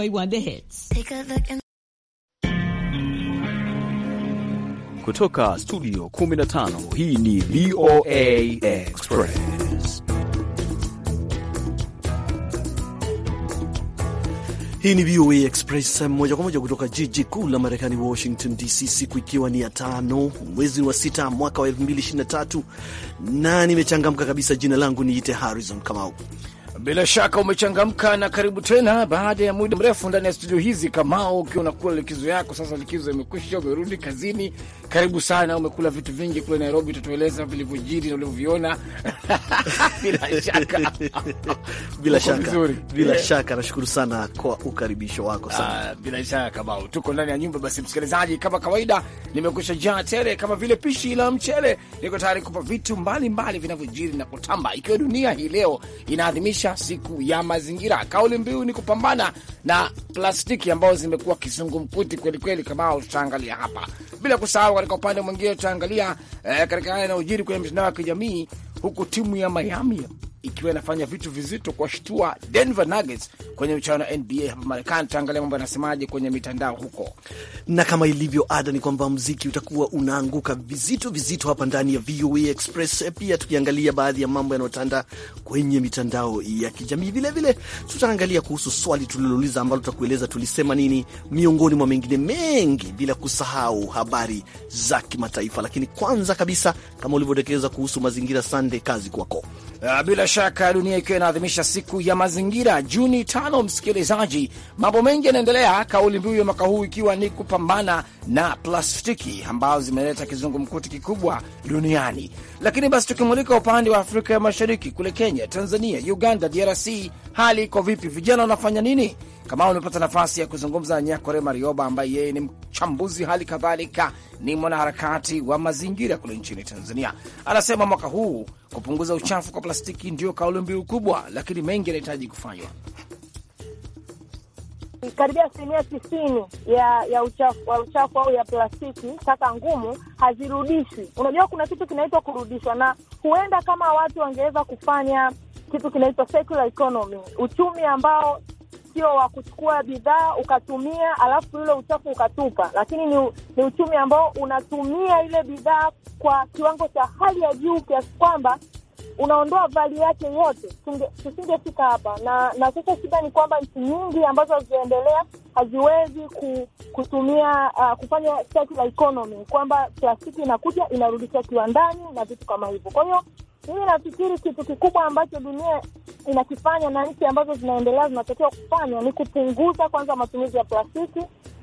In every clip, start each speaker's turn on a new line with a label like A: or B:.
A: The hits. Take a look in...
B: Kutoka studio 15 hii ni VOA Express. Hii ni VOA Express moja kwa moja kutoka jiji kuu la Marekani Washington DC, siku ikiwa ni ya tano mwezi wa sita mwaka wa 2023 na nimechangamka kabisa. Jina langu
C: niite Harrison Kamau. Bila shaka umechangamka na karibu tena baada ya muda mrefu ndani ya studio hizi. Kamao, ukiwa unakula likizo yako, sasa likizo imekwisha, umerudi kazini. Karibu sana, umekula vitu vingi kule Nairobi, utatueleza vilivyojiri na ulivyoviona. bila shaka bila shaka bila shaka, nashukuru sana kwa ukaribisho wako sana. Ah, bila shaka Kamao, tuko ndani ya nyumba. Basi msikilizaji, kama kawaida, nimekusha jaa tele kama vile pishi la mchele, niko tayari kupa vitu mbalimbali vinavyojiri na kutamba, ikiwa dunia hii leo inaadhimisha siku ya mazingira. Kauli mbiu ni kupambana na plastiki ambazo zimekuwa kizungumkuti kwelikweli, kama tutaangalia hapa, bila kusahau katika upande mwingine tutaangalia eh, katika haya yanayojiri kwenye mitandao ya kijamii, huku timu ya Miami ikiwa inafanya vitu vizito kuwashtua Denver Nuggets kwenye michuano ya NBA hapa Marekani. Taangalia mambo yanasemaje kwenye mitandao huko,
B: na kama ilivyo ada ni kwamba mziki utakuwa unaanguka vizito vizito hapa ndani ya VOA Express, pia tukiangalia baadhi ya mambo yanayotanda kwenye mitandao ya kijamii. Vilevile tutaangalia kuhusu swali tulilouliza ambalo tutakueleza tulisema nini, miongoni mwa mengine mengi, bila kusahau habari za kimataifa. Lakini kwanza kabisa, kama ulivyodokeza kuhusu mazingira, Sande, kazi kwako.
C: Uh, bila shaka dunia ikiwa inaadhimisha siku ya mazingira Juni tano. Msikilizaji, mambo mengi yanaendelea, kauli mbiu ya mwaka huu ikiwa ni kupambana na plastiki ambazo zimeleta kizungumkuti kikubwa duniani. Lakini basi tukimulika upande wa Afrika ya Mashariki, kule Kenya, Tanzania, Uganda, DRC, hali iko vipi? Vijana wanafanya nini? Kamau, nimepata nafasi ya kuzungumza na Nyakore Marioba ambaye yeye ni mchambuzi, hali kadhalika ni mwanaharakati wa mazingira kule nchini Tanzania. Anasema mwaka huu kupunguza uchafu kwa plastiki ndio kauli mbiu kubwa, lakini mengi yanahitaji kufanywa.
D: Karibia asilimia tisini ya ya uchafu uchafu au ya plastiki, taka ngumu hazirudishwi. Unajua kuna kitu kinaitwa kurudishwa, na huenda kama watu wangeweza kufanya kitu kinaitwa circular economy, uchumi ambao sio wa kuchukua bidhaa ukatumia alafu ule uchafu ukatupa, lakini ni, ni uchumi ambao unatumia ile bidhaa kwa kiwango cha hali ya juu kiasi kwamba unaondoa vali yake yote, tusingefika hapa. Na na sasa shida ni kwamba nchi nyingi ambazo haziendelea haziwezi kutumia uh, kufanya circular economy, kwamba plastiki inakuja inarudisha kiwandani na vitu kama hivyo. Kwa hiyo mimi nafikiri kitu kikubwa ambacho dunia inakifanya na nchi ambazo zinaendelea zinatakiwa kufanya ni kupunguza kwanza matumizi ya plastiki,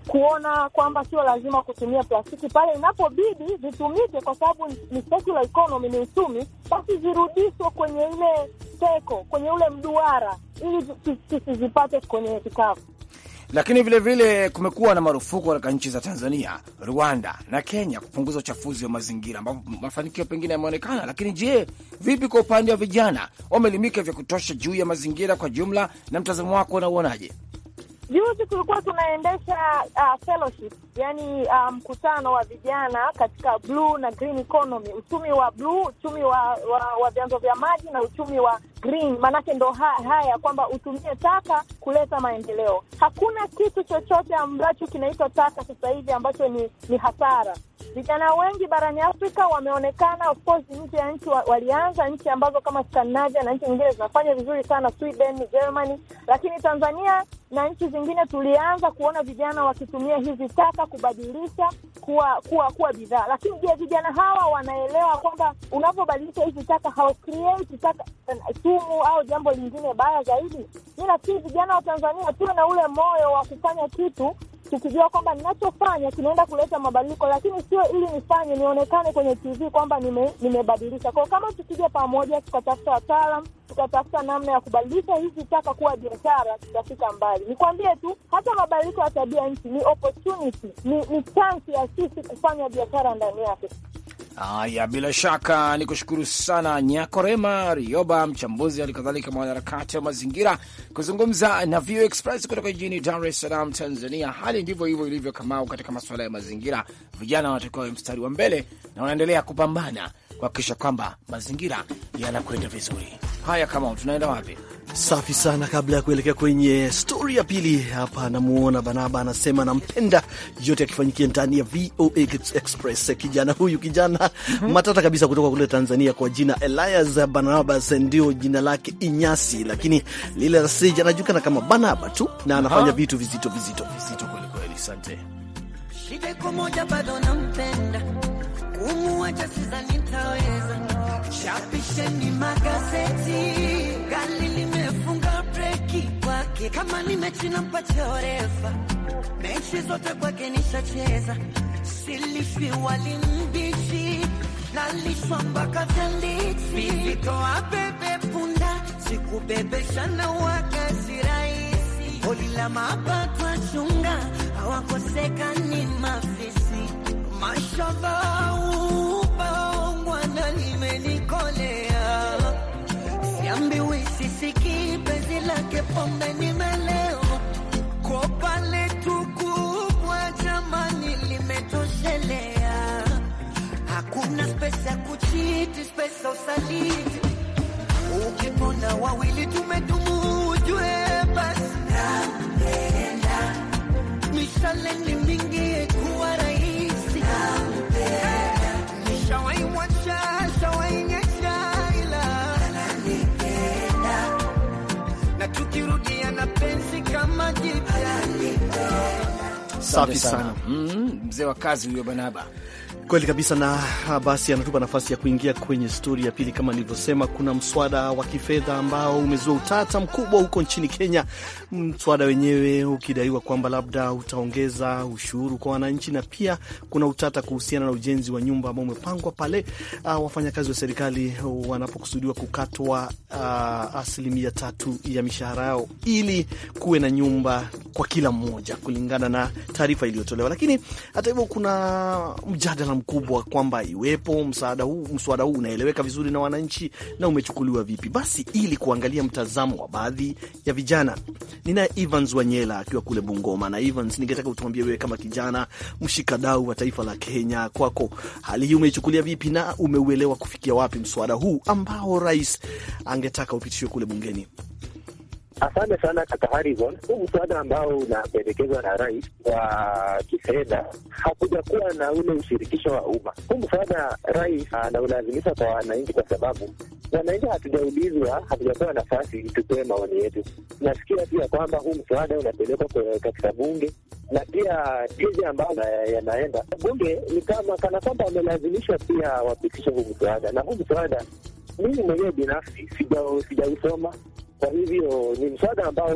D: kuona kwamba sio lazima kutumia plastiki pale inapobidi zitumike, kwa sababu ni circular economy, ni uchumi, basi zirudishwe kwenye ile teko, kwenye ule mduara, ili tusizipate kwenye kikapu.
C: Lakini vilevile kumekuwa na marufuku katika nchi za Tanzania, Rwanda na Kenya kupunguza uchafuzi wa mazingira, ambapo mafanikio pengine yameonekana. Lakini je, vipi kwa upande wa vijana? Wameelimika vya kutosha juu ya mazingira kwa jumla? Na mtazamo wako unauonaje?
D: Juzi tulikuwa tunaendesha uh, fellowship yani uh, mkutano um, wa vijana katika blue na green economy, uchumi wa blue, uchumi wa, wa, wa vyanzo vya maji na uchumi wa green. Maanake ndo haya kwamba utumie taka kuleta maendeleo. Hakuna kitu chochote ambacho kinaitwa taka sasa hivi ambacho ni, ni hasara. Vijana wengi barani Afrika wameonekana, of course, nje ya nchi walianza nchi ambazo kama Skandinavia na nchi nyingine zinafanya vizuri sana, Sweden, Germany, lakini Tanzania na nchi zingine tulianza kuona vijana wakitumia hizi taka kubadilisha kuwa kuwa kuwa bidhaa. Lakini je, vijana hawa wanaelewa kwamba unapobadilisha hizi taka haukreate taka eh, sumu au jambo lingine baya zaidi? Mi nafikiri vijana wa Tanzania tuwe na ule moyo wa kufanya kitu tukijua kwamba ninachofanya kinaenda kuleta mabadiliko, lakini sio ili nifanye nionekane kwenye TV kwamba nimebadilisha. Nime kwao, kama tukija pamoja, tukatafuta wataalam, tukatafuta namna ya kubadilisha hizi taka kuwa biashara, tutafika mbali. Nikwambie tu, hata mabadiliko ya tabia nchi ni opportunity, ni, ni chansi ya sisi kufanya biashara ndani yake.
C: Haya, bila shaka ni kushukuru sana Nyakorema Rioba, mchambuzi halikadhalika mwanaharakati wa mazingira, kuzungumza na VOA Express kutoka jijini Dar es Salaam, Tanzania. Hali ndivyo hivyo ilivyo kamau katika masuala ya mazingira, vijana wanatakiwa mstari wa mbele na wanaendelea kupambana kuhakikisha kwamba mazingira yanakwenda vizuri. Haya Kamau, tunaenda wapi?
B: Safi sana. Kabla ya kuelekea kwenye stori ya pili, hapa namuona Banaba anasema nampenda, yote akifanyikia ndani ya VOA Express. Kijana huyu kijana mhm. matata kabisa, kutoka kule Tanzania kwa jina Elias banabas ndio jina lake Inyasi, lakini lile la sija anajulikana kama Banaba tu, na anafanya vitu vizito
C: vizito vizito kweli kweli. Asante.
A: Shida magazeti gali kwake kama ni mechi nampa cheo refa, mechi zote kwake nishacheza, silifi wali mbichi, nalishwa mpaka tanditi, nilitoa pepe punda, sikubebesha na wakazi rahisi, holi la mapato achunga, ni mafisi, mashaba upaongwana, nimenikolea siambiwi Siki penzi lake pombe nimelewa kwa pale tukubwa, jamani, limetoshelea. Hakuna spesa ya kuchiti, spesa usaliti. Ukimona wawili tumedumu, ujue basi Mishale ni mingi safi sana, sana.
C: Mm, mzee wa kazi huyo banaba Kweli
B: kabisa. Na basi anatupa nafasi ya kuingia kwenye stori ya pili. Kama nilivyosema, kuna mswada wa kifedha ambao umezua utata mkubwa huko nchini Kenya, mswada wenyewe ukidaiwa kwamba labda utaongeza ushuru kwa wananchi, na pia kuna utata kuhusiana na ujenzi wa nyumba ambao umepangwa pale uh, wafanyakazi wa serikali wanapokusudiwa kukatwa uh, asilimia tatu ya mishahara yao ili kuwe na nyumba kwa kila mmoja, kulingana na taarifa iliyotolewa. Lakini hata hivyo kuna mjadala mkubwa kwamba iwepo msaada huu, mswada huu unaeleweka vizuri na wananchi na umechukuliwa vipi? Basi ili kuangalia mtazamo wa baadhi ya vijana, ninaye Evans Wanyela akiwa kule Bungoma. Na Evans, ningetaka utuambie wewe kama kijana mshikadau wa taifa la Kenya, kwako hali hii umeichukulia vipi na umeuelewa kufikia wapi mswada huu ambao rais angetaka upitishwe kule bungeni?
E: Asante sana kaka Harizon. Huu mswada ambao unapendekezwa na rais wa kifedha hakuja kuwa na ule ushirikisho wa umma. Huu mswada rais anaulazimisha ah, kwa wananchi, kwa sababu wananchi hatujaulizwa, hatujapewa nafasi tupewe maoni yetu. Nasikia pia kwamba huu mswada unapelekwa katika bunge na pia tizi ambayo yanaenda bunge, ni kama kana kwamba wamelazimishwa pia wapitishe huu mswada, na huu mswada mimi mwenyewe binafsi sijausoma sija kwa hivyo ni mswada ambao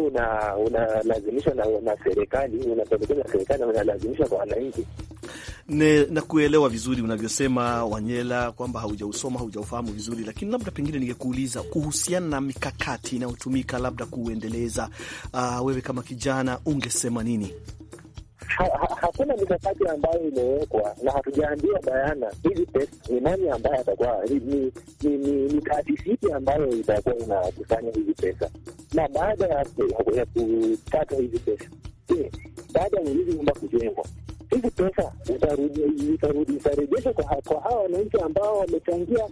E: unalazimishwa una na, serikali unapendekezwa na serikali na unalazimishwa kwa wananchi.
B: Na kuelewa vizuri unavyosema Wanyela kwamba haujausoma haujaufahamu vizuri, lakini labda pengine ningekuuliza kuhusiana na mikakati inayotumika labda kuuendeleza. Uh, ah, wewe kama kijana ungesema nini?
E: hakuna mikakati ambayo imewekwa na hatujaambia bayana hizi pesa ni nani ambaye atakuwa ni taasisi ipi ambayo itakuwa inakusanya hizi pesa, na baada ya kutata hizi pesa, baada ya hizi nyumba kujengwa hizi pesa zitarejeshwa kwa hawa wananchi ambao wamechangia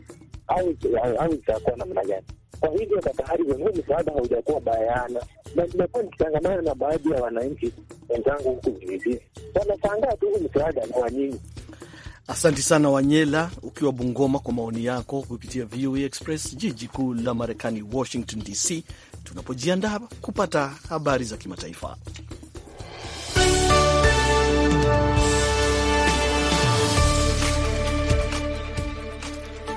E: au itakuwa namna gani? Kwa hivyo tafahari wenyewe msaada haujakuwa bayana, na nimekuwa nikitangamana na baadhi ya wananchi wenzangu huku vijijini, wanashangaa tu huu msaada ni wa nyingi.
B: Asante sana Wanyela ukiwa Bungoma kwa maoni yako kupitia VOA Express, jiji kuu la Marekani, Washington DC, tunapojiandaa kupata habari za kimataifa.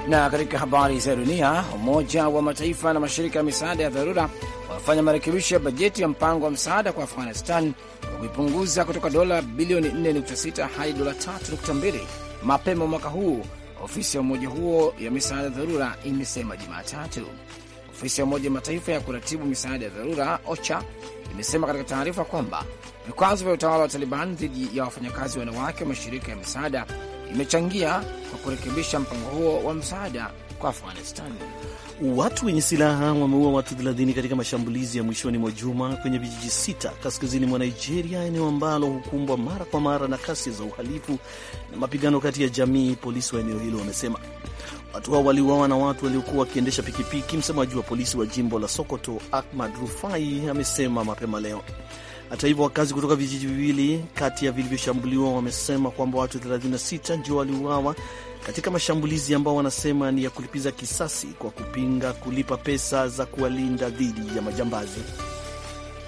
C: Na katika habari za dunia, Umoja wa Mataifa na mashirika ya misaada ya dharura wanafanya marekebisho ya bajeti ya mpango wa msaada kwa Afghanistan kwa kuipunguza kutoka dola bilioni 4.6 hadi dola 3.2 mapema mwaka huu, ofisi ya umoja huo ya misaada ya dharura imesema Jumatatu. Ofisi ya Umoja wa Mataifa ya kuratibu misaada ya dharura OCHA imesema katika taarifa kwamba vikwazo vya utawala wa Taliban dhidi ya wafanyakazi wanawake wa mashirika ya misaada imechangia kwa kurekebisha mpango huo wa msaada kwa Afghanistan. Watu wenye
B: silaha wameua watu 30 katika mashambulizi ya mwishoni mwa juma kwenye vijiji sita kaskazini mwa Nigeria, eneo ambalo hukumbwa mara kwa mara na kasi za uhalifu na mapigano kati ya jamii, polisi wa eneo hilo wamesema. Watu hao waliuawa na watu waliokuwa wakiendesha pikipiki. Msemaji wa polisi wa jimbo la Sokoto, Ahmad Rufai, amesema mapema leo. Hata hivyo, wakazi kutoka vijiji viwili kati ya vilivyoshambuliwa wamesema kwamba watu 36 ndio waliuawa katika mashambulizi ambao wanasema ni ya kulipiza kisasi kwa kupinga kulipa pesa
C: za kuwalinda dhidi ya majambazi.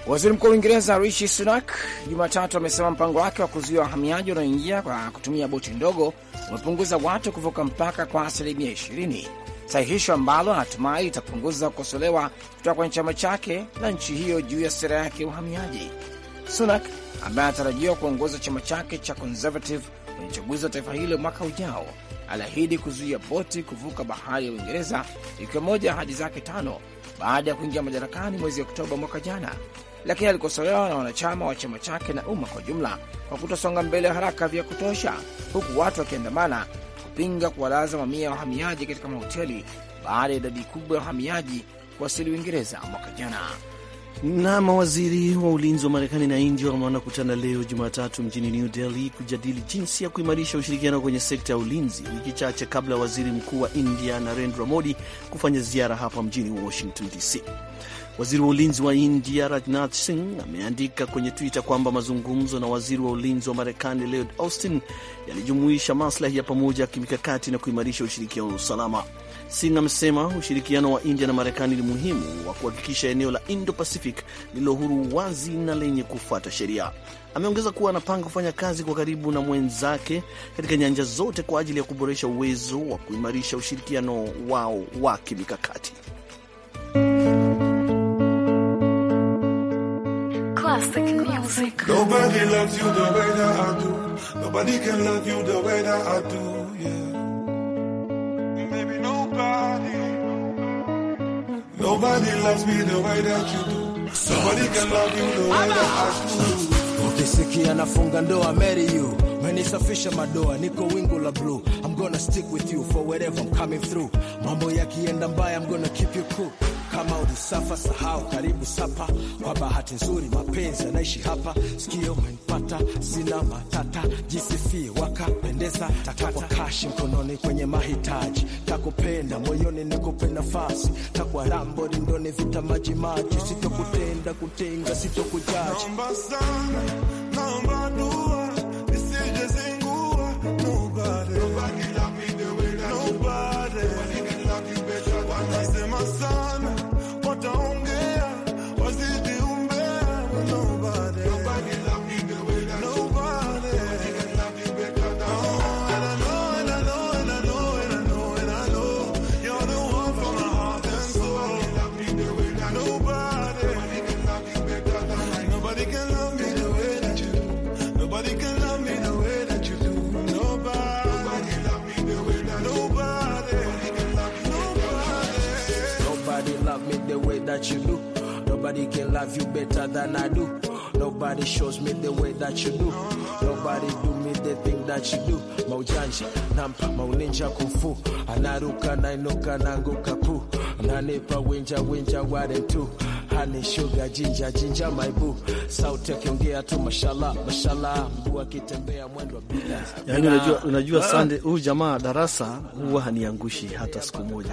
C: Waziri Mkuu wa Uingereza Rishi Sunak Jumatatu amesema mpango wake wa kuzuia wahamiaji wanaoingia kwa kutumia boti ndogo umepunguza watu kuvuka mpaka kwa asilimia 20, sahihisho ambalo anatumai itapunguza kukosolewa kutoka kwenye chama chake na nchi hiyo juu ya sera yake ya uhamiaji. Sunak ambaye anatarajiwa kuongoza chama chake cha Conservative kwenye uchaguzi wa taifa hilo mwaka ujao aliahidi kuzuia boti kuvuka bahari ya Uingereza, ikiwa moja ya ahadi zake tano baada ya kuingia madarakani mwezi Oktoba mwaka jana, lakini alikosolewa na wanachama wa chama chake na umma kwa jumla kwa kutosonga mbele haraka vya kutosha, huku watu wakiandamana kupinga kuwalaza mamia ya wahamiaji katika mahoteli baada ya idadi kubwa ya wahamiaji kuwasili Uingereza mwaka jana.
B: Na mawaziri wa ulinzi wa Marekani na India wanakutana leo Jumatatu mjini New Delhi kujadili jinsi ya kuimarisha ushirikiano kwenye sekta ya ulinzi, wiki chache kabla ya waziri mkuu wa India Narendra Modi kufanya ziara hapa mjini Washington DC. Waziri wa ulinzi wa India Rajnath Singh ameandika kwenye Twitter kwamba mazungumzo na waziri wa ulinzi wa Marekani Lloyd Austin yalijumuisha maslahi ya pamoja ya kimikakati na kuimarisha ushirikiano wa usalama. Singh amesema ushirikiano wa India na Marekani ni muhimu wa kuhakikisha eneo la Indo-Pacific lililo huru, wazi na lenye kufuata sheria. Ameongeza kuwa anapanga kufanya kazi kwa karibu na mwenzake katika nyanja zote kwa ajili ya kuboresha uwezo wa kuimarisha ushirikiano wao wa kimikakati.
A: Nobody loves you the way that I do. Nobody can love you the way that I do, yeah. nobody.
F: Nobody loves me the way that you do. Nobody can love you the way that I do. Ukisikia nafunga ndoa, marry you menisafisha madoa, niko wingu la blue. I'm gonna stick with you for wherever I'm coming through. Mambo yakienda mbaya, I'm gonna keep you cool kama ulisafa sahau, karibu sapa. Kwa bahati nzuri mapenzi anaishi hapa, sikio umenipata, sina matata, jisifie wakapendeza, takwa kashi mkononi kwenye mahitaji, takupenda moyoni, nikupe nafasi, takwa rambo rindoni, vita maji, sitokutenda kutenga, sitokujaji love me the way that you do. Nobody can love you better than I do. Nobody shows me the way that you do. Nobody do me the thing that you do. Maujanja, nampa, ninja kufu. Anaruka, nainuka, nanguka pu. Nanipa, winja, winja, ware honey sugar jinja jinja my boo, sauti akiongea tu mashallah mashallah, mguu akitembea mwendo bila. Yani unajua, unajua ah. Sande,
B: huyu jamaa darasa huwa haniangushi hata siku moja.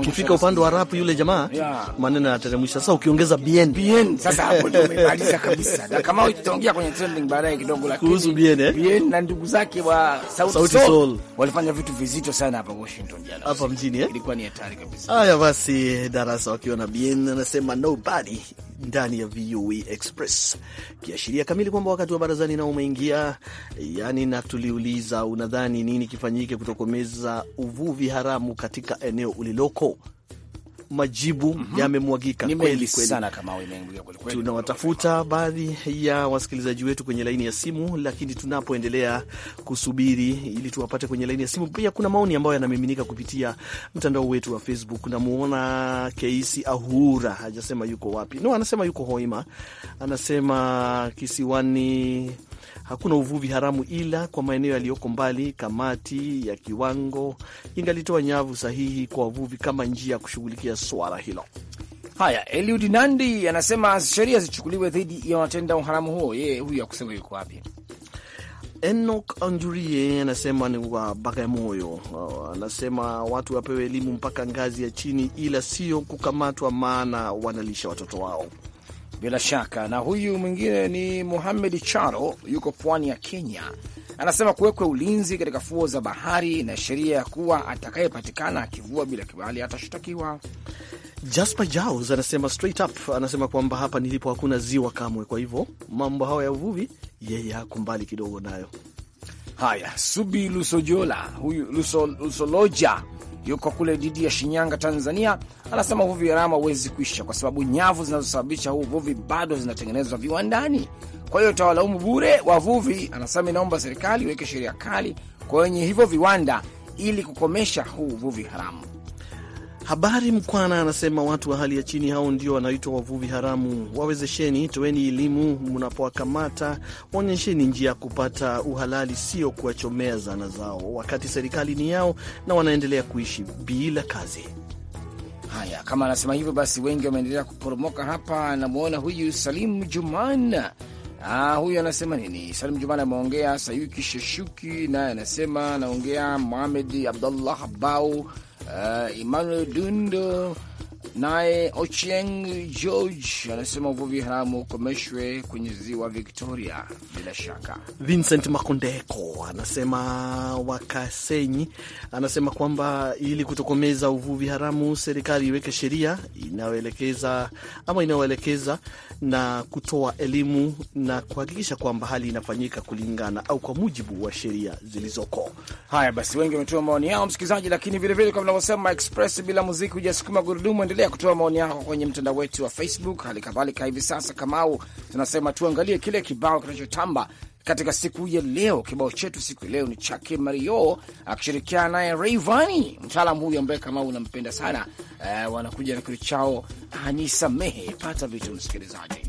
B: Ikifika upande wa rap yule jamaa yeah, maneno yanateremsha. Sasa ukiongeza bien bien, sasa hapo ndio umemaliza kabisa, na kama
C: utaongea kwenye trending baadaye kidogo, lakini kuhusu bien eh, bien na ndugu zake wa sauti, sauti soul, soul walifanya vitu vizito sana hapa Washington jana, hapa mjini eh, ilikuwa ni hatari kabisa.
B: Haya basi, darasa wakiwa na bien anasema no bad mbalimbali ndani ya VOA Express, kiashiria kamili kwamba wakati wa barazani nao umeingia, yani na tuliuliza, unadhani nini kifanyike kutokomeza uvuvi haramu katika eneo uliloko? majibu mm -hmm. yamemwagika kweli kweli. Tunawatafuta baadhi ya wasikilizaji wetu kwenye laini ya simu, lakini tunapoendelea kusubiri ili tuwapate kwenye laini ya simu, pia kuna maoni ambayo yanamiminika kupitia mtandao wetu wa Facebook. Namuona Keisi Ahura, hajasema yuko wapi. No, anasema yuko Hoima, anasema kisiwani hakuna uvuvi haramu, ila kwa maeneo yaliyoko mbali, kamati ya kiwango
C: ingalitoa nyavu sahihi kwa wavuvi kama njia ya kushughulikia swara hilo. Haya, Eliud Nandi anasema sheria zichukuliwe dhidi ya watenda uharamu huo. Yeye huyu akusema yuko wapi? Enok andurie anasema ni wa Bagamoyo.
B: Uh, anasema watu wapewe elimu mpaka ngazi ya chini, ila sio kukamatwa,
C: maana wanalisha watoto wao bila shaka. Na huyu mwingine ni Muhamed Charo, yuko pwani ya Kenya, anasema kuwekwe ulinzi katika fuo za bahari na sheria ya kuwa atakayepatikana akivua bila kibali atashtakiwa. Jasper Jaus
B: anasema straight up, anasema kwamba hapa nilipo hakuna ziwa kamwe, kwa hivyo mambo hayo ya uvuvi
C: yeye hako mbali kidogo nayo. Haya, Subi Lusojola, huyu Lusoloja yuko kule Didi ya Shinyanga, Tanzania, anasema uvuvi haramu hauwezi kuisha kwa sababu nyavu zinazosababisha huu uvuvi bado zinatengenezwa viwandani. Kwa hiyo utawalaumu bure wavuvi. Anasema inaomba serikali iweke sheria kali kwenye hivyo viwanda ili kukomesha huu uvuvi haramu. Habari Mkwana anasema watu wa hali ya
B: chini hao ndio wanaitwa wavuvi haramu. Wawezesheni, toeni elimu, mnapowakamata waonyesheni njia ya kupata uhalali, sio kuwachomea zana zao, wakati serikali ni yao
C: na wanaendelea kuishi bila kazi. Haya, kama anasema hivyo, basi wengi wameendelea kuporomoka hapa. Namwona huyu Salim Juman. Ah, huyu anasema nini? Salim Juman ameongea. Sayuki Sheshuki naye anasema, anaongea Muhamed Abdullah Bau uh, Dundo Naye Ochieng George anasema uvuvi haramu ukomeshwe kwenye ziwa Victoria. Bila shaka,
B: Vincent Makondeko anasema Wakasenyi anasema kwamba ili kutokomeza uvuvi haramu, serikali iweke sheria inayoelekeza ama inayoelekeza na kutoa elimu na kuhakikisha kwamba
C: hali inafanyika kulingana au kwa mujibu wa sheria zilizoko. Haya basi, wengi wametuma maoni yao msikilizaji, lakini vilevile kama tunavyosema express bila muziki hujasukuma gurudumu. Endelea ya kutoa maoni yako kwenye mtandao wetu wa Facebook. Hali kadhalika hivi sasa, Kamau, tunasema tuangalie kile kibao kinachotamba katika siku ya leo. Kibao chetu siku ya leo ni chake Mario akishirikiana naye Rayvanny, mtaalamu huyu ambaye kama unampenda sana. Uh, wanakuja na kitu chao anisamehe, pata vitu msikilizaji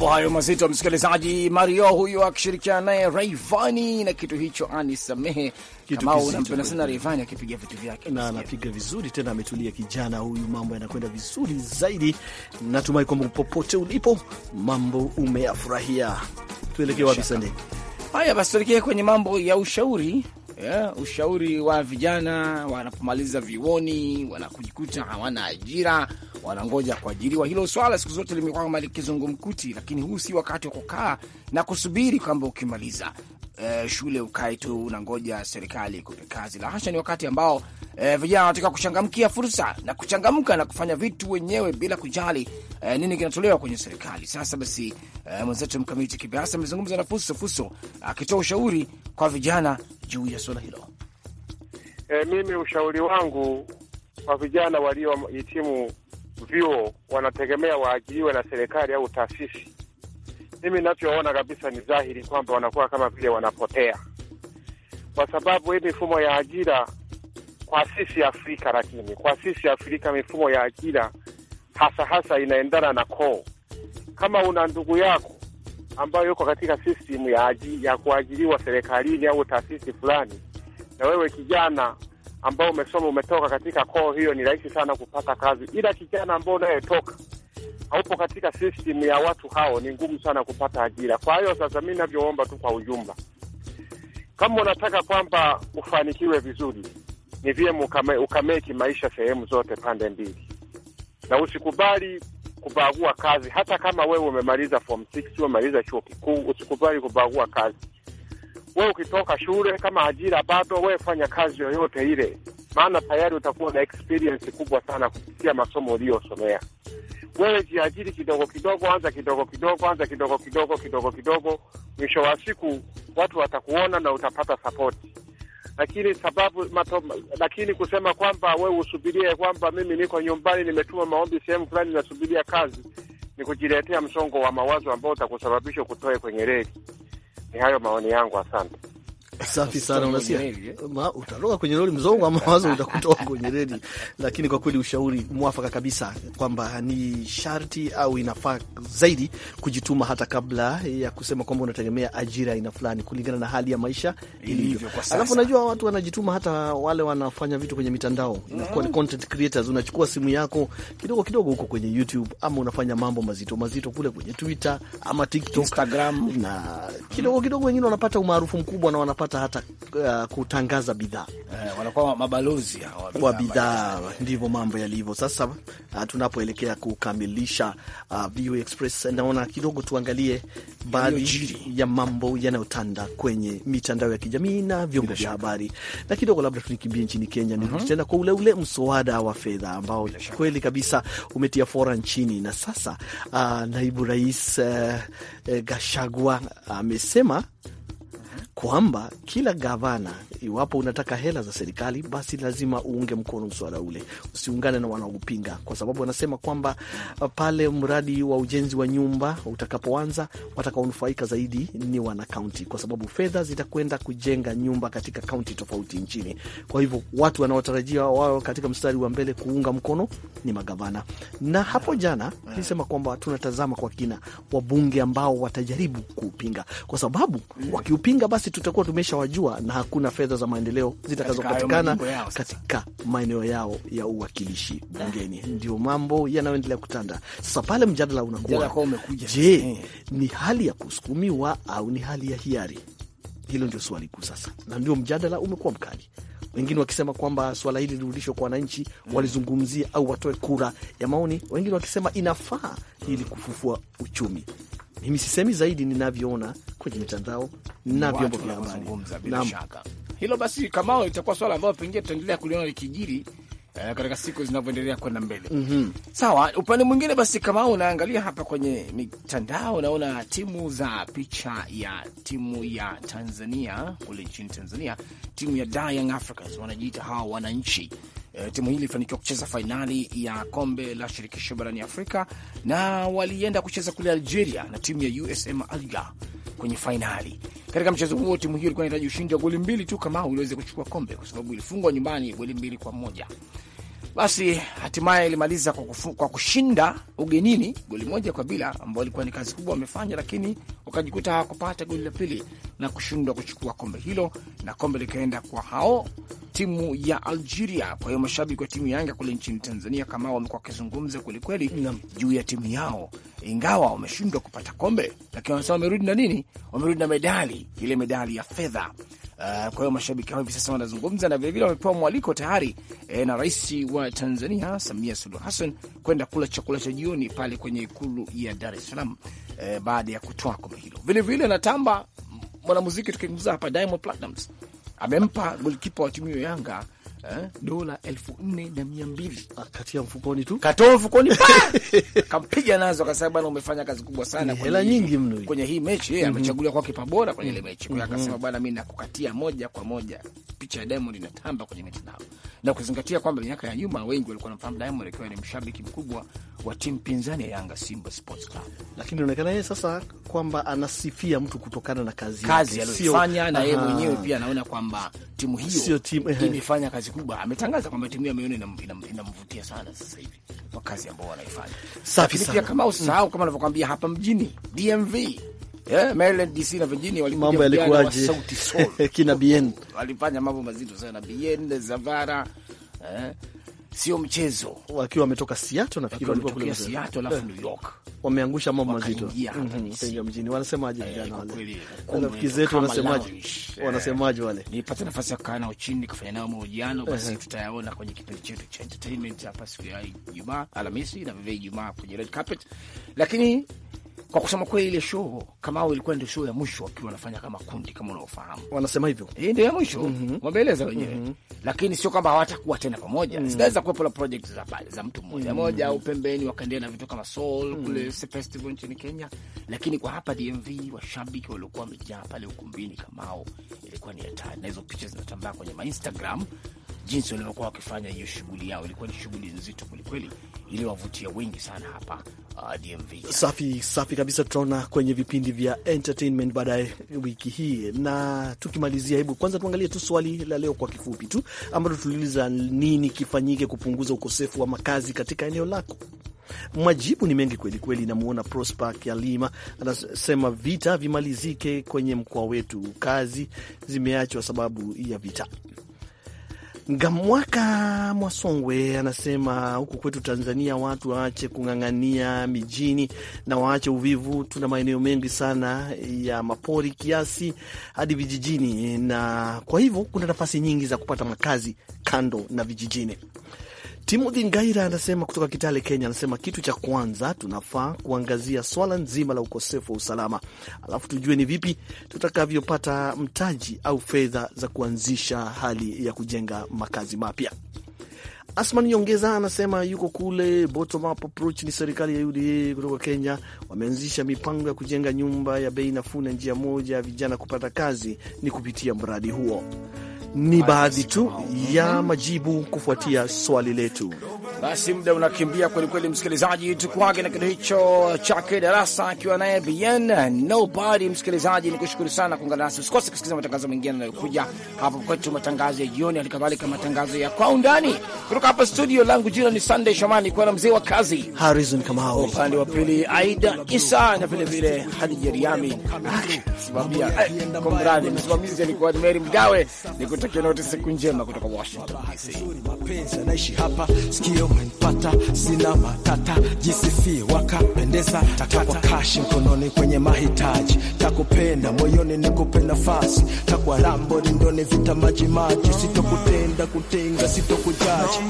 C: mambo hayo mazito, msikilizaji. Mario huyo akishirikiana naye Rayvanny na kitu hicho anisamehe kama sana akipiga vitu vyake
B: na anapiga vizuri tena, ametulia kijana huyu, mambo yanakwenda vizuri zaidi. Natumai kwamba popote ulipo mambo umeyafurahia. Tuelekee wapi Sande?
C: Haya basi, tuelekee kwenye mambo ya ushauri yeah, ushauri wa vijana wanapomaliza vioni, wanakujikuta hawana ajira, wanangoja kuajiriwa. Hilo swala siku zote limekuwa kama likizungumkuti, lakini huu si wakati wa kukaa na kusubiri kwamba ukimaliza eh, shule ukae tu unangoja serikali kupe kazi. La hasha, ni wakati ambao eh, vijana wanataka kuchangamkia fursa na kuchangamka na kufanya vitu wenyewe bila kujali eh, nini kinatolewa kwenye serikali. Sasa basi, eh, mwenzetu Mkamiti Kibiasa amezungumza na Fuso Fuso akitoa ushauri kwa vijana juu ya suala hilo.
G: E, mimi ushauri wangu kwa vijana waliohitimu vyuo wanategemea waajiriwe na serikali au taasisi mimi ninavyoona kabisa ni dhahiri kwamba wanakuwa kama vile wanapotea, kwa sababu hii mifumo ya ajira kwa sisi Afrika, lakini kwa sisi Afrika mifumo ya ajira hasa hasa inaendana na koo. Kama una ndugu yako ambayo yuko katika system ya ya kuajiriwa serikalini au taasisi fulani, na wewe kijana ambao umesoma umetoka katika koo hiyo, ni rahisi sana kupata kazi, ila kijana ambao unayetoka haupo katika system ya watu hao, ni ngumu sana kupata ajira. Kwa hiyo sasa, mi navyoomba tu kwa ujumla, kama unataka kwamba ufanikiwe vizuri, ni vyema ukame, ukameki maisha sehemu zote pande mbili, na usikubali kubagua kazi. Hata kama wewe umemaliza form six, umemaliza chuo kikuu, usikubali kubagua kazi. Wewe ukitoka shule, kama ajira bado, wewe fanya kazi yoyote ile, maana tayari utakuwa na experience kubwa sana kupitia masomo uliyosomea wewe jiajiri kidogo kidogo, anza kidogo kidogo, anza kidogo kidogo kidogo kidogo, mwisho wa siku watu watakuona na utapata sapoti. Lakini sababu mato, lakini kusema kwamba wewe usubirie kwamba mimi niko nyumbani nimetuma maombi sehemu fulani nasubiria kazi, ni kujiletea msongo wa mawazo ambao utakusababisha kutoe kwenye reli. Ni hayo maoni yangu, asante.
B: Safi sana, unasikia eh? ma utatoka kwenye roli mzongo ama wazo utakutoa kwenye reli. Lakini kwa kweli ushauri mwafaka kabisa kwamba ni sharti au inafaa zaidi kujituma hata kabla ya kusema kwamba unategemea ajira aina fulani kulingana na hali ya maisha ilivyo. Alafu unajua watu wanajituma, hata wale wanafanya vitu kwenye mitandao inakuwa ni mm. content creators. Unachukua simu yako kidogo kidogo huko kwenye YouTube ama unafanya mambo mazito mazito kule kwenye Twitter ama TikTok, Instagram na kidogo kidogo wengine wanapata umaarufu mkubwa na wanapata hata hata uh, kutangaza bidhaa eh, wanakuwa mabalozi wa bidhaa. Ndivyo mambo yalivyo sasa. Uh, tunapoelekea kukamilisha uh, VOA Express, naona kidogo tuangalie baadhi ya mambo yanayotanda kwenye mitandao ya kijamii na vyombo vya habari, na kidogo labda tunikimbie nchini Kenya mm -hmm. tena kwa uleule mswada wa fedha ambao kweli kabisa umetia fora nchini, na sasa uh, naibu rais uh, eh, Gashagwa amesema uh, kwamba kila gavana, iwapo unataka hela za serikali, basi lazima uunge mkono mswada ule, usiungane na wanaopinga, kwa sababu wanasema kwamba uh, pale mradi wa ujenzi wa nyumba utakapoanza, watakaonufaika zaidi ni wana kaunti, kwa sababu fedha zitakwenda kujenga nyumba katika kaunti tofauti nchini. Kwa hivyo watu wanaotarajia wao katika mstari wa mbele kuunga mkono ni magavana, na hapo jana nilisema kwamba tunatazama kwa kina wabunge ambao watajaribu kuupinga, kwa sababu wakiupinga basi sisi tutakuwa tumeshawajua na hakuna fedha za maendeleo zitakazopatikana katika maeneo yao ya uwakilishi bungeni. Eh. Ndio mambo yanayoendelea kutanda sasa. Pale mjadala unakuwa je, eh. ni hali ya kusukumiwa au ni hali ya hiari? Hilo ndio swali kuu sasa, na ndio mjadala umekuwa mkali, wengine wakisema kwamba swala hili lirudishwe kwa wananchi mm. walizungumzia, au watoe kura ya maoni, wengine wakisema inafaa ili kufufua uchumi mimi sisemi zaidi ninavyoona kwenye mitandao na vyombo vya habari.
C: Hilo basi, Kamao, itakuwa swala ambayo pengine tutaendelea kuliona likijiri eh, katika siku zinavyoendelea kwenda mbele mm -hmm. Sawa, upande mwingine basi, kama unaangalia hapa kwenye mitandao, unaona timu za picha ya timu ya Tanzania kule nchini Tanzania, timu ya Young Africans wanajiita hawa wananchi E, timu hii ilifanikiwa kucheza fainali ya kombe la shirikisho barani Afrika na walienda kucheza kule Algeria na timu ya USM Alger kwenye fainali. Katika mchezo huo timu hiyo ilikuwa inahitaji ushindi wa goli mbili tu kama iliweze kuchukua kombe, kwa sababu ilifungwa nyumbani goli mbili kwa moja. Basi hatimaye ilimaliza kwa, kufu, kwa kushinda ugenini goli moja kwa bila, ambao ilikuwa ni kazi kubwa wamefanya, lakini wakajikuta hawakupata goli la pili na kushindwa kuchukua kombe hilo, na kombe likaenda kwa hao timu ya Algeria. Kwa hiyo mashabiki wa timu ya Yanga kule nchini Tanzania kama wamekuwa wakizungumza kwelikweli juu ya timu yao, ingawa wameshindwa kupata kombe, lakini wanasema wamerudi na nini? Wamerudi na medali, ile medali ya fedha Eh, kwa hiyo mashabiki hao hivi sasa wanazungumza na vilevile wamepewa mwaliko tayari e, na rais wa Tanzania Samia Suluhu Hassan kwenda kula chakula cha jioni pale kwenye ikulu ya Dar es Salaam e, baada ya kutoa kombe hilo. Vilevile natamba mwanamuziki tukizungumza hapa, Diamond Platnumz amempa golikipa wa timu hiyo Yanga Eh? dola elfu nne na mia mbili ah, katia mfukoni tu, katoa mfukoni kampiga nazo, akasema bana, umefanya kazi kubwa sana, hela nyingi mno kwenye hii mechi. Yeye mhm. amechaguliwa kwa kipa bora kwenye ile mechi, kwa hiyo mhm. akasema bana, mimi nakukatia moja kwa moja. Picha ya Diamond inatamba kwenye mitandao, na ukizingatia kwamba miaka ya nyuma wengi walikuwa wanamfahamu Diamond akiwa ni mshabiki mkubwa wa timu pinzani ya Yanga, Simba Sports Club,
B: lakini inaonekana yeye sasa kwamba anasifia mtu kutokana na kazi, kazi aliyofanya na yeye mwenyewe pia
C: anaona kwamba timu hiyo imefanya kazi nafasi kubwa, ametangaza kwamba timu ya Mioni inamvutia sana sasa hivi kwa kazi ambayo wanaifanya. Safi sana. Pia kama usahau kama anavyokwambia hapa mjini DMV Yeah, Maryland DC na Virginia walikuja yalikuwaje? Sauti Sol
B: kina BN
C: walifanya mambo mazito sana, BN Zavara eh sio mchezo, wakiwa wametoka Seattle, nafikiri walikuwa kule Seattle, alafu New York
B: eh, wameangusha mambo mazito mhm, mjini. Wanasemaje eh, vijana wale, rafiki zetu wanasemaje? Wanasemaje
C: wale? Nipate nafasi ya kukaa nao chini, kufanya nao mahojiano, basi eh, tutayaona kwenye kipindi chetu cha entertainment hapa siku ya Ijumaa, Alhamisi na vivyo Ijumaa kwenye red carpet, lakini kwa kusema kweli, ile show au ilikuwa ndio show ya mwisho wakiwa wanafanya kama kundi, kama unaofahamu, wanasema hivyo hii eh, ndio ya mwisho mm -hmm. wameeleza wenyewe mm -hmm. lakini sio kwamba hawatakuwa tena pamoja mm -hmm. zinaweza kuwepo na project za, za mtu mmoja mm -hmm. moja au pembeni, wakaendelea na vitu kama soul mm -hmm. kule festival nchini Kenya, lakini kwa hapa DMV washabiki waliokuwa wamejaa pale ukumbini, au ilikuwa ni hatari, na hizo picha zinatambaa kwenye Instagram jinsi walivyokuwa wakifanya hiyo shughuli yao, ilikuwa ni shughuli nzito kwelikweli, iliwavutia wengi sana hapa uh, DMV.
B: Safi safi kabisa, tutaona kwenye vipindi vya entertainment baadaye wiki hii. Na tukimalizia, hebu kwanza tuangalie tu swali la leo kwa kifupi tu, ambalo tuliuliza nini kifanyike kupunguza ukosefu wa makazi katika eneo lako. Majibu ni mengi kweli kweli. Namuona Prosper Kialima anasema vita vimalizike kwenye mkoa wetu, kazi zimeachwa sababu ya vita. Ngamwaka Mwasongwe anasema huku kwetu Tanzania watu waache kung'ang'ania mijini na waache uvivu. Tuna maeneo mengi sana ya mapori kiasi hadi vijijini, na kwa hivyo kuna nafasi nyingi za kupata makazi kando na vijijini. Timothy Ngaira anasema kutoka Kitale, Kenya, anasema kitu cha kwanza tunafaa kuangazia swala nzima la ukosefu wa usalama, alafu tujue ni vipi tutakavyopata mtaji au fedha za kuanzisha hali ya kujenga makazi mapya. Asman Nyongeza anasema yuko kule bottom up approach ni serikali ya UDA kutoka Kenya, wameanzisha mipango ya kujenga nyumba ya bei nafuu, na njia moja ya vijana kupata kazi ni kupitia mradi huo. Ni baadhi tu ya majibu kufuatia swali letu.
C: Basi muda unakimbia kwelikweli, msikilizaji, tukwage na kitu hicho chake darasa akiwa naye Bien Nobody. Msikilizaji, ni kushukuru sana kuungana nasi, usikose kusikiliza matangazo mengine yanayokuja hapo kwetu, matangazo ya jioni, halikadhalika matangazo ya kwa undani kutoka hapa studio. Langu jina ni Sunday Shomani kuwa na mzee wa kazi Harrison Kamau, upande wa pili Aida Isa na vilevile Hadija Riami ah, eh, msimamizi alikuwa Meri Mgawe tunatakia wote siku njema kutoka Washington DC. Mapenzi
F: anaishi hapa, sikio umenipata, sina matata, jisifie wakapendeza, takwa kashi mkononi kwenye mahitaji, takupenda moyoni, nikupe nafasi, takwa rambo lindoni, vita maji maji, sitokutenda kutenga, sitokujaji